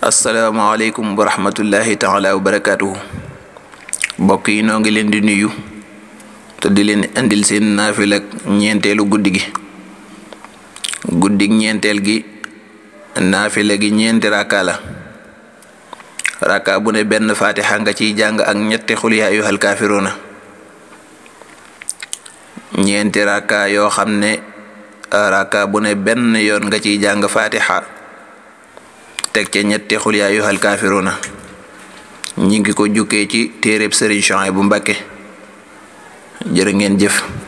asalaamaaleykum wa rahmatullahi taala wa barakaatuhu mbokk yi noo ngi leen di nuyu te di leen indil seen naafil ak ñeenteelu guddi gi guddi ñeenteel gi naafila ñeenti rakka la rakka bu ne benn fatiha nga ciy jàng ak ñetti xul yaa ayyuhal kaafiruuna ñeenti rakka yoo xam ne rakka bu ne benn yoon nga ciy jàng fatiha. teg cee ñetti xul yaa ayyuhal kaafiruuna ñi ngi ko jukkee ci téereb Sëriñ Chouhaïbou bu Mbàkke jërë ngeen jëf